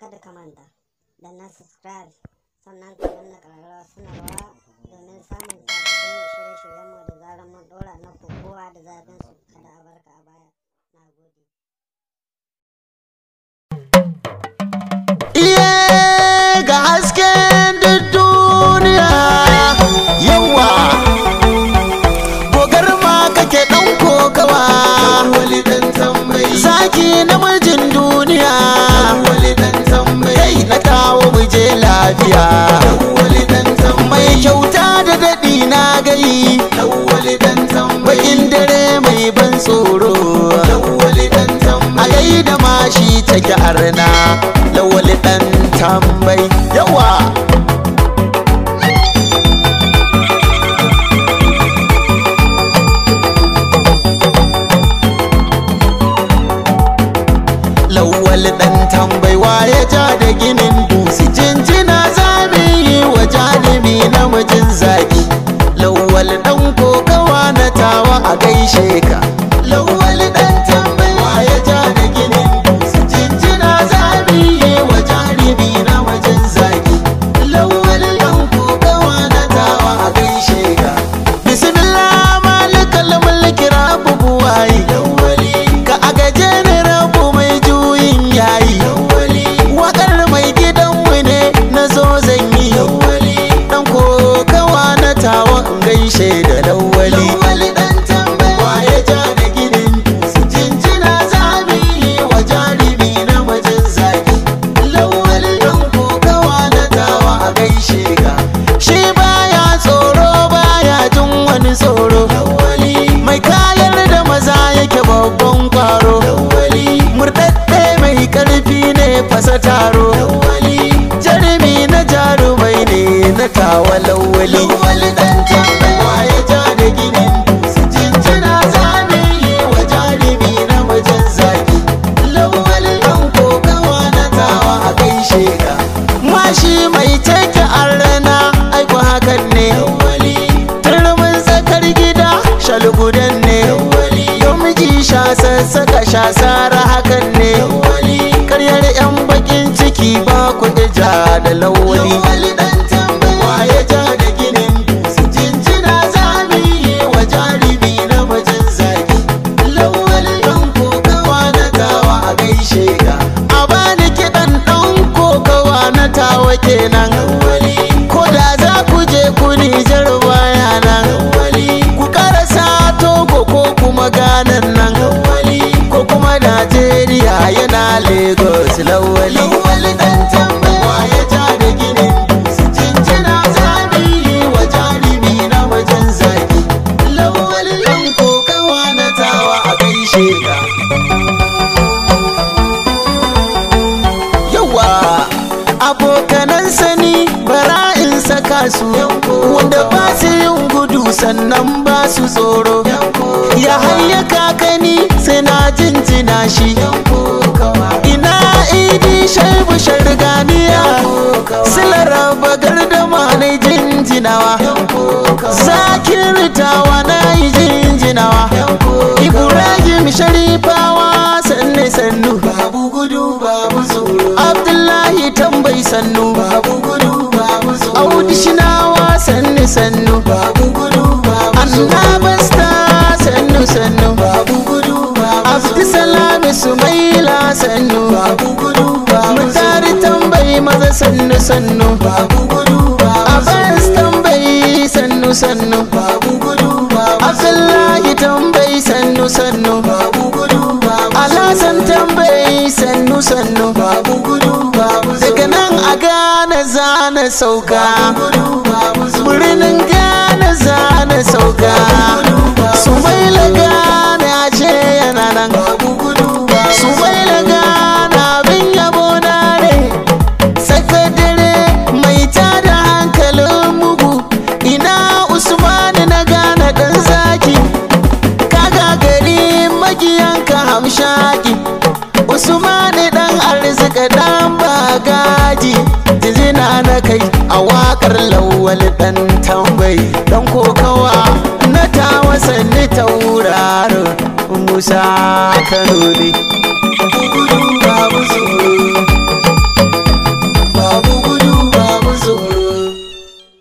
ka da ka da na subscribe sannan ka danna ƙararrawa sanarwa domin samun sababbin shirye-shiryenmu da zarar mun dora na kowa da zafin su kada a barka a baya na gode Iye ga duniya je lafiya mai kyauta da daɗi na gai bakin dare mai ban tsoro a gai da mashi ta arna, lawali ɗan tambai yawa lawali ɗan tambaiwa ya ja da ginin su jinjina za mu yi wa jarumi namijin zaki lawal dan kokawa na tawa a gaishe ka gaishe da Dauda ɗan Lawali. Waye ja da ginin su jinjina zami wa jarumi na bajin zaki. Lawali ɗan kokawa na tawa a gaishe ga. A bani kiɗan ɗan kokawa na tawa kenan. shirya yawa abokanan sani in saka su wanda ba su yin gudu sannan ba su tsoro ya hayyaka kani sai na jinjina shi ina idi shaibu sharganiya silara bagar na jinjinawa zakin ritawa na yi jinjina sannu audi shinawa sannu sannu babu gudu sannu sannu babu gudu babu tsoro abdi salami sumaila sannu mutari tambayi maza sannu sannu babu tambayi sannu sannu babu gudu abdullahi tambayi sannu sannu gane zane sauka birnin gane zane sauka su maila gane ce yana nan su maila gane abin yabo na ne dare mai da hankalin mugu ina usmani na gane dan zaki kaga gari magiyanka hamshaki usmani dan arzika dan bagaji na kai a wakar lawal dan tambayi dan kokawa na ta wasanni tauraro musa kanuri.